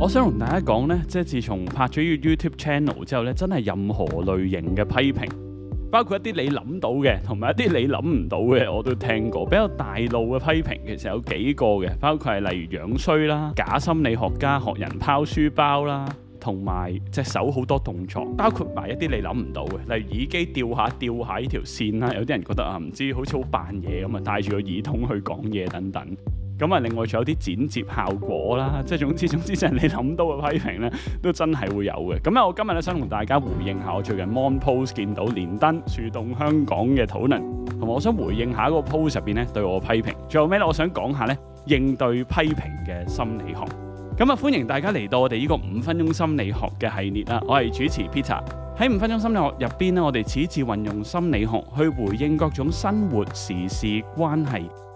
我想同大家講呢，即係自從拍咗個 YouTube channel 之後呢，真係任何類型嘅批評，包括一啲你諗到嘅，同埋一啲你諗唔到嘅，我都聽過。比較大路嘅批評其實有幾個嘅，包括係例如樣衰啦、假心理學家學人拋書包啦，同埋隻手好多動作，包括埋一啲你諗唔到嘅，例如耳機掉下掉下呢條線啦，有啲人覺得啊，唔知好似好扮嘢咁啊，戴住個耳筒去講嘢等等。咁啊，另外仲有啲剪接效果啦，即係總之總之，即係你諗到嘅批評咧，都真係會有嘅。咁啊，我今日咧想同大家回應下我最近 mon post 見到連登樹洞香港嘅討論，同埋我想回應下嗰個 post 入邊咧對我批評最後咩咧，我想講下咧應對批評嘅心理學。咁啊，歡迎大家嚟到我哋呢個五分鐘心理學嘅系列啦。我係主持 Peter 喺五分鐘心理學入邊咧，我哋此次運用心理學去回應各種生活時事關係。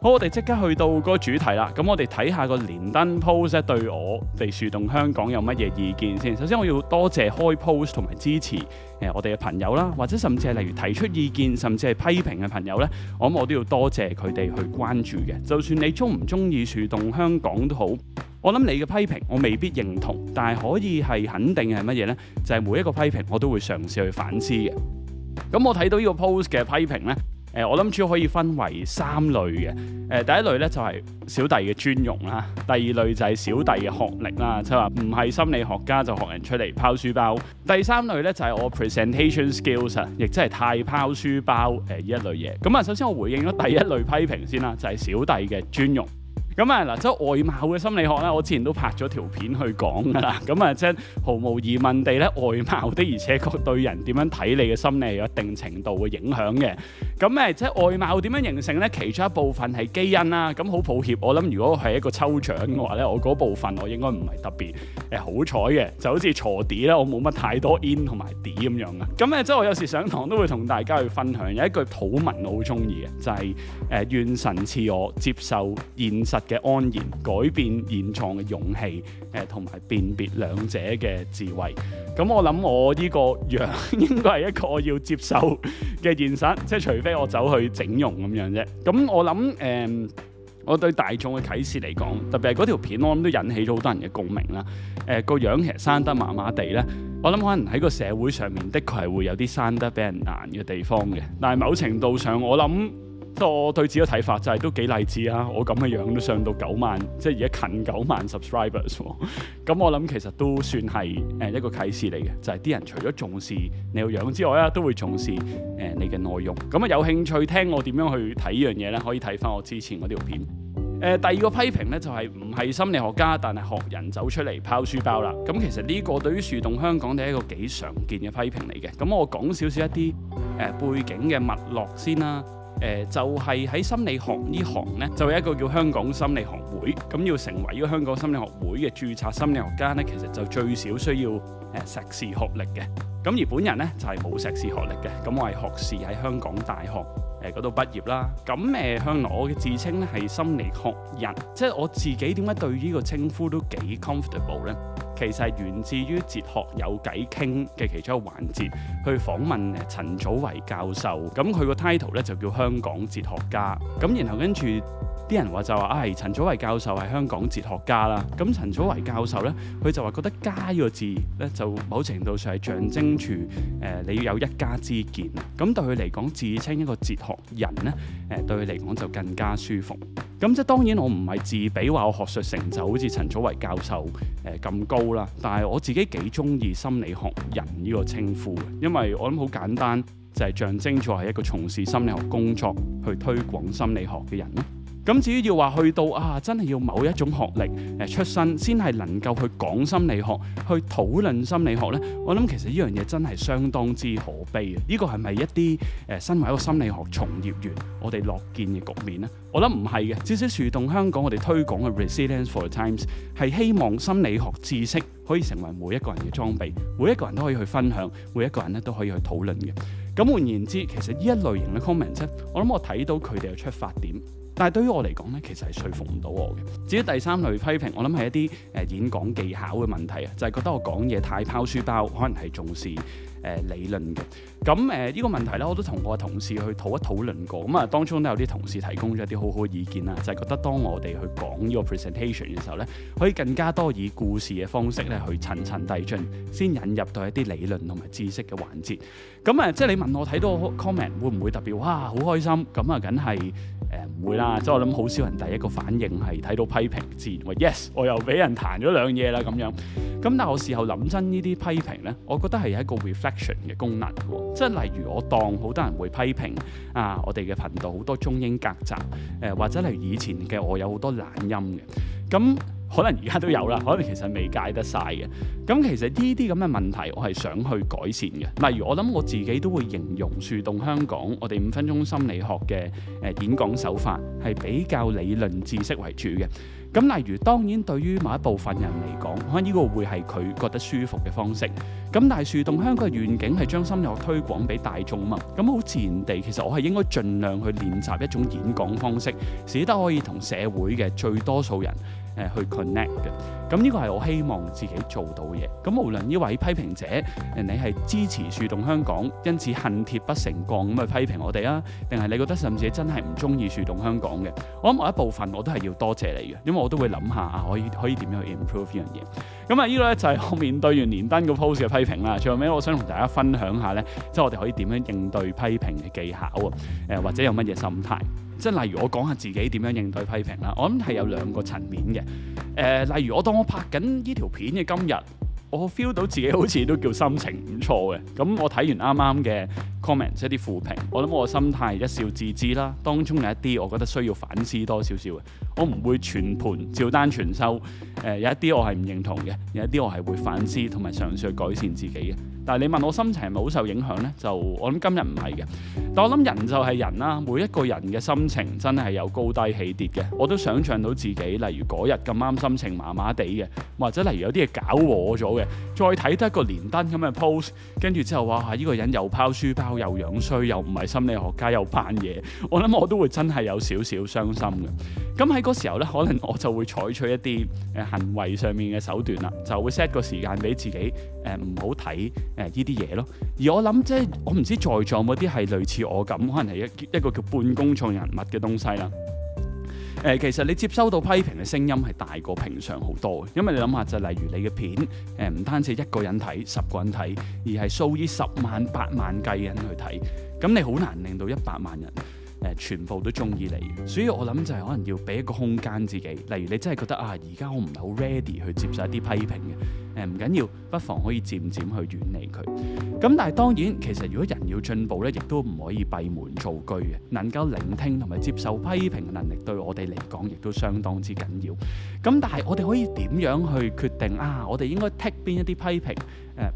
好，我哋即刻去到嗰個主題啦。咁我哋睇下個連登 post 咧對我哋樹洞香港有乜嘢意見先。首先，我要多謝開 post 同埋支持誒我哋嘅朋友啦，或者甚至係例如提出意見甚至係批評嘅朋友呢。我諗我都要多謝佢哋去關注嘅。就算你中唔中意樹洞香港都好，我諗你嘅批評我未必認同，但係可以係肯定係乜嘢呢？就係、是、每一個批評我都會嘗試去反思嘅。咁我睇到呢個 post 嘅批評呢。誒、呃，我諗主可以分為三類嘅。誒、呃，第一類咧就係、是、小弟嘅尊容啦，第二類就係小弟嘅學歷啦，即係話唔係心理學家就學人出嚟拋書包。第三類咧就係、是、我 presentation skills，亦即係太拋書包誒呢、呃、一類嘢。咁、呃、啊，首先我回應咗第一類批評先啦，就係、是、小弟嘅尊容。咁啊，嗱、嗯，即係外貌嘅心理學咧，我之前都拍咗條片去講噶啦。咁、嗯、啊，即係毫無疑問地咧，外貌的而且確對人點樣睇你嘅心理有一定程度嘅影響嘅。咁、嗯、誒，即係外貌點樣形成咧？其中一部分係基因啦。咁、嗯、好抱歉，我諗如果係一個抽獎嘅話咧，我嗰部分我應該唔係特別誒好彩嘅。就好似鋤啲咧，我冇乜太多 in 同埋啲咁樣嘅。咁、嗯、誒，即係我有時上堂都會同大家去分享，有一句禱文我好中意嘅，就係、是、誒、呃、願神賜我接受現實，嘅安然改變現狀嘅勇氣，誒同埋辨別兩者嘅智慧。咁我諗我呢個樣應該係一個我要接受嘅現實，即係除非我走去整容咁樣啫。咁我諗誒，我對大眾嘅啟示嚟講，特別係嗰條片，我諗都引起咗好多人嘅共鳴啦。誒個樣其實生得麻麻地咧，我諗可能喺個社會上面的確係會有啲生得俾人難嘅地方嘅。但係某程度上，我諗。我對自己嘅睇法就係都幾勵志啊！我咁嘅樣,樣都上到九萬，即係而家近九萬 subscribers。咁 我諗其實都算係誒一個啟示嚟嘅，就係、是、啲人除咗重視你個樣之外咧，都會重視誒、呃、你嘅內容。咁啊，有興趣聽我點樣去睇呢樣嘢咧，可以睇翻我之前嗰條片。誒、呃，第二個批評咧就係唔係心理學家，但係學人走出嚟拋書包啦。咁其實呢個對於樹洞香港都係一個幾常見嘅批評嚟嘅。咁我講少少一啲誒、呃、背景嘅脈絡先啦。誒、呃、就係、是、喺心理學呢行呢，就有一個叫香港心理學會。咁要成為呢個香港心理學會嘅註冊心理學家呢，其實就最少需要碩、呃、士學歷嘅。咁而本人呢，就係冇碩士學歷嘅，咁我係學士喺香港大學誒嗰度畢業啦。咁誒、呃、向來我嘅自稱咧係心理學人，即、就、係、是、我自己點解對呢個稱呼都幾 comfortable 呢？其實係源自於哲學有偈傾嘅其中一個環節，去訪問陳祖為教授。咁佢個 title 咧就叫香港哲學家。咁然後跟住。啲人話就話，唉、哎，陳祖維教授係香港哲學家啦。咁陳祖維教授呢，佢就話覺得家呢個字呢，就某程度上係象徵住誒、呃、你要有一家之見。咁對佢嚟講，自稱一個哲學人呢，誒、呃、對佢嚟講就更加舒服。咁即係當然，我唔係自比話我學術成就好似陳祖維教授誒咁、呃、高啦。但係我自己幾中意心理學人呢個稱呼，因為我諗好簡單，就係、是、象徵咗係一個從事心理學工作去推廣心理學嘅人咯。咁至於要話去到啊，真係要某一種學歷誒、呃、出身先係能夠去講心理學，去討論心理學呢？我諗其實呢樣嘢真係相當之可悲啊！依、這個係咪一啲誒、呃、身為一個心理學從業員，我哋落見嘅局面咧？我諗唔係嘅。至少樹洞香港我哋推廣嘅 Resilience for Times 係希望心理學知識可以成為每一個人嘅裝備，每一個人都可以去分享，每一個人咧都可以去討論嘅。咁換言之，其實呢一類型嘅 comments 我諗我睇到佢哋嘅出發點。但係對於我嚟講咧，其實係説服唔到我嘅。至於第三類批評，我諗係一啲誒演講技巧嘅問題啊，就係、是、覺得我講嘢太拋書包，可能係重視。誒理論嘅，咁誒呢個問題咧，我都同我同事去討一討論過。咁啊，當中都有啲同事提供咗一啲好好嘅意見啦，就係覺得當我哋去講呢個 presentation 嘅時候咧，可以更加多以故事嘅方式咧去層層遞進，先引入到一啲理論同埋知識嘅環節。咁啊，即係你問我睇到個 comment 會唔會特別哇好開心？咁啊，梗係誒唔會啦。即係我諗好少人第一個反應係睇到批評自然話 yes，我又俾人彈咗兩嘢啦咁樣。咁但係我事後諗真呢啲批評咧，我覺得係一個 reflect action 嘅功能喎，即係例如我當好多人會批評啊，我哋嘅頻道好多中英夾雜，誒、呃、或者係以前嘅我有好多懶音嘅，咁、嗯。可能而家都有啦，可能其實未戒得晒嘅。咁其實呢啲咁嘅問題，我係想去改善嘅。例如，我諗我自己都會形容樹洞香港，我哋五分鐘心理學嘅誒演講手法係比較理論知識為主嘅。咁例如，當然對於某一部分人嚟講，可能呢個會係佢覺得舒服嘅方式。咁但係樹洞香港嘅願景係將心理學推廣俾大眾啊嘛。咁好自然地，其實我係應該盡量去練習一種演講方式，使得可以同社會嘅最多數人。誒去 connect 嘅，咁呢個係我希望自己做到嘢。咁無論呢位批評者，誒你係支持樹洞香港，因此恨鐵不成鋼咁去批評我哋啊，定係你覺得甚至真係唔中意樹洞香港嘅，我諗某一部分我都係要多謝你嘅，因為我都會諗下啊，可以可以點樣去 improve 呢樣嘢。咁啊，呢個咧就係我面對完連登個 post 嘅批評啦。最後尾，我想同大家分享下咧，即係我哋可以點樣應對批評嘅技巧啊，或者有乜嘢心態。即係例如我講下自己點樣應對批評啦，我諗係有兩個層面嘅。誒、呃，例如我當我拍緊呢條片嘅今日，我 feel 到自己好似都叫心情唔錯嘅。咁我睇完啱啱嘅 comment，即係啲負評，我諗我心態一笑置之啦。當中有一啲我覺得需要反思多少少嘅。我唔會全盤照單全收，誒，有一啲我係唔認同嘅，有一啲我係會反思同埋嘗試去改善自己嘅。但係你問我心情係咪好受影響呢？就我諗今日唔係嘅。但我諗人就係人啦、啊，每一個人嘅心情真係有高低起跌嘅。我都想像到自己，例如嗰日咁啱心情麻麻地嘅，或者例如有啲嘢搞我咗嘅，再睇得一個連登咁嘅 post，跟住之後哇，呢、啊這個人又拋書包又樣衰，又唔係心理學家又扮嘢，我諗我都會真係有少少傷心嘅。咁喺嗰時候咧，可能我就會採取一啲誒、呃、行為上面嘅手段啦，就會 set 個時間俾自己誒唔好睇誒呢啲嘢咯。而我諗即係我唔知在座有冇啲係類似我咁，可能係一一個叫半公眾人物嘅東西啦。誒、呃，其實你接收到批評嘅聲音係大過平常好多嘅，因為你諗下就係、例如你嘅片誒，唔、呃、單止一個人睇，十個人睇，而係數以十萬、八萬計人去睇，咁你好難令到一百萬人，全部都中意你，所以我諗就係可能要俾一個空間自己，例如你真係覺得啊，而家我唔係好 ready 去接受一啲批評嘅，誒唔緊要，不妨可以漸漸去遠離佢。咁但係當然，其實如果人要進步咧，亦都唔可以閉門造句嘅，能夠聆聽同埋接受批評嘅能力，對我哋嚟講亦都相當之緊要。咁但係我哋可以點樣去決定啊？我哋應該 take 邊一啲批評，誒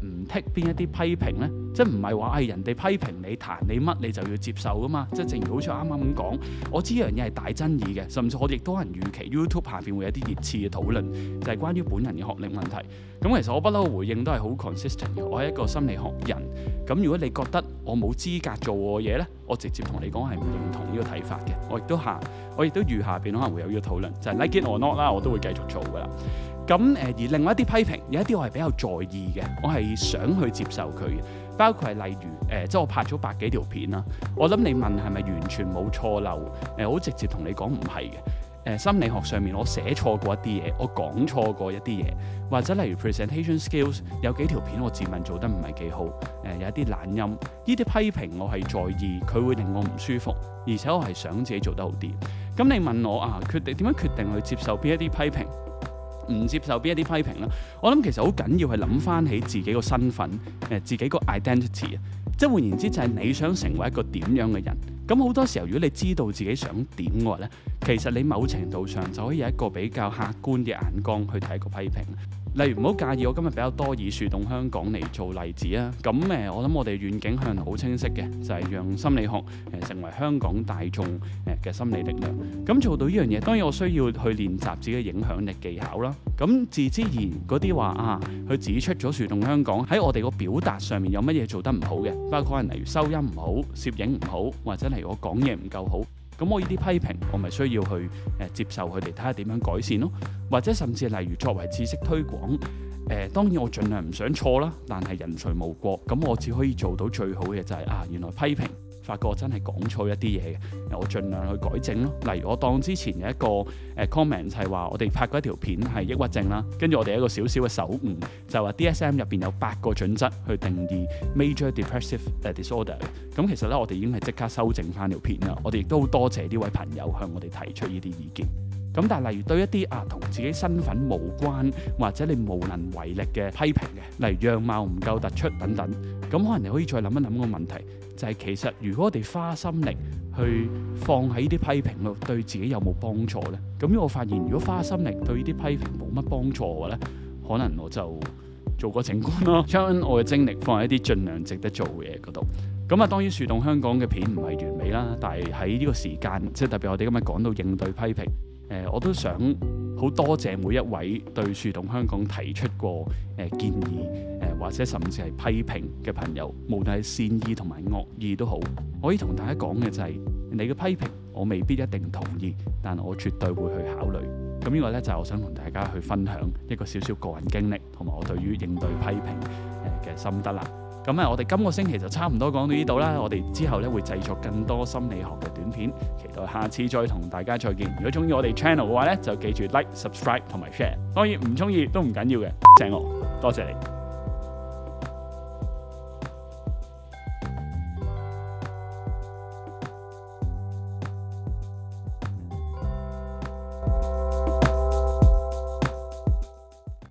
唔 take 邊一啲批評呢？即係唔係話誒人哋批評你彈你乜你就要接受噶嘛？即係正如好似。啱啱咁講，我知呢樣嘢係大爭議嘅，甚至我亦都有人預期 YouTube 下邊會有一啲熱刺嘅討論，就係、是、關於本人嘅學歷問題。咁其實我不嬲回應都係好 consistent 嘅，我係一個心理學人。咁如果你覺得我冇資格做嘅嘢呢，我直接你同你講係唔認同呢個睇法嘅。我亦都下，我亦都預下邊可能會有呢個討論，就係、是、Like it or not 啦，我都會繼續做㗎喇。咁誒，而另外一啲批評，有一啲我係比較在意嘅，我係想去接受佢嘅，包括係例如。誒、呃，即係我拍咗百幾條片啦。我諗你問係咪完全冇錯漏誒，好、呃、直接同你講唔係嘅誒。心理學上面我寫錯過一啲嘢，我講錯過一啲嘢，或者例如 presentation skills 有幾條片我自問做得唔係幾好誒、呃，有一啲懶音呢啲批評我係在意，佢會令我唔舒服，而且我係想自己做得好啲。咁你問我啊，決定點樣決定去接受邊一啲批評？唔接受邊一啲批評啦，我諗其實好緊要係諗翻起自己個身份，誒、呃、自己個 identity 啊，即係換言之就係你想成為一個點樣嘅人，咁好多時候如果你知道自己想點嘅話呢，其實你某程度上就可以有一個比較客觀嘅眼光去睇個批評。例如唔好介意，我今日比較多以樹洞香港嚟做例子啊。咁誒，我諗我哋遠景向好清晰嘅，就係、是、讓心理學成為香港大眾嘅心理力量。咁做到呢樣嘢，當然我需要去練習自己嘅影響力技巧啦。咁自自然嗰啲話啊，佢指出咗樹洞香港喺我哋個表達上面有乜嘢做得唔好嘅，包括可能例如收音唔好、攝影唔好，或者係我講嘢唔夠好。咁我呢啲批評，我咪需要去誒、啊、接受佢哋，睇下點樣改善咯。或者甚至例如作為知識推廣，誒、呃、當然我盡量唔想錯啦，但係人誰無過，咁我只可以做到最好嘅就係、是、啊，原來批評發覺真係講錯一啲嘢嘅，我儘量去改正咯。例如我當之前嘅一個誒、呃、comment 係話我哋拍過一條片係抑鬱症啦，跟住我哋一個小小嘅手誤就話 DSM 入邊有八個準則去定義 major depressive disorder 嘅。咁其實咧我哋已經係即刻修正翻條片啦。我哋亦都多謝呢位朋友向我哋提出呢啲意見。咁但係例如對一啲啊同自己身份無關或者你無能為力嘅批評嘅，例如樣貌唔夠突出等等，咁可能你可以再諗一諗個問題，就係其實如果我哋花心力去放喺呢啲批評度，對自己有冇幫助呢？咁如果我發現如果花心力對呢啲批評冇乜幫助嘅話呢，可能我就做個靜觀咯，將我嘅精力放喺啲儘量值得做嘅嘢嗰度。咁啊當然樹洞香港嘅片唔係完美啦，但係喺呢個時間，即係特別我哋今日講到應對批評。呃、我都想好多謝每一位對樹洞香港提出過、呃、建議、呃，或者甚至係批評嘅朋友，無論係善意同埋惡意都好。我可以同大家講嘅就係、是，你嘅批評我未必一定同意，但我絕對會去考慮。咁呢個呢，就係、是、我想同大家去分享一個少少個人經歷，同埋我對於應對批評嘅、呃、心得啦。咁啊，我哋今個星期就差唔多講到呢度啦。我哋之後咧會製作更多心理學嘅短片，期待下次再同大家再見。如果中意我哋 channel 嘅話咧，就記住 like、subscribe 同埋 share。當然唔中意都唔緊要嘅，正我多謝你。